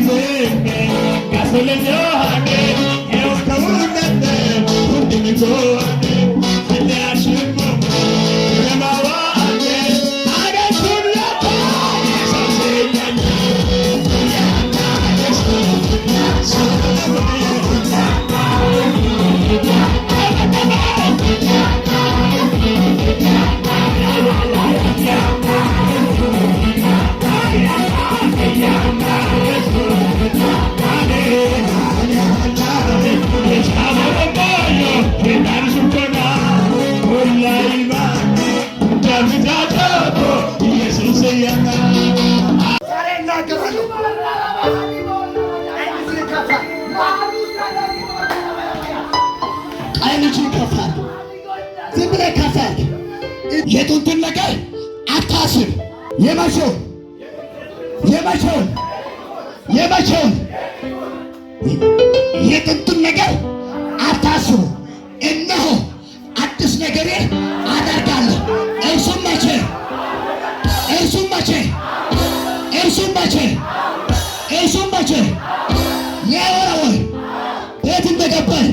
living, gasoline in your heart, you don't አይንቺ ይከፋል። ዝም ብለህ ይከፋል። የጥንቱን ነገር አታስብ። የመቼው የመቼው የመቼው የጥንቱን ነገር አታስቡ። እነሆ አዲስ ነገር አደርጋለሁ። እርሱም መቼ እርሱም መቼ እርሱም መቼ እርሱም መቼ ያወራወር ቤት እንደገባል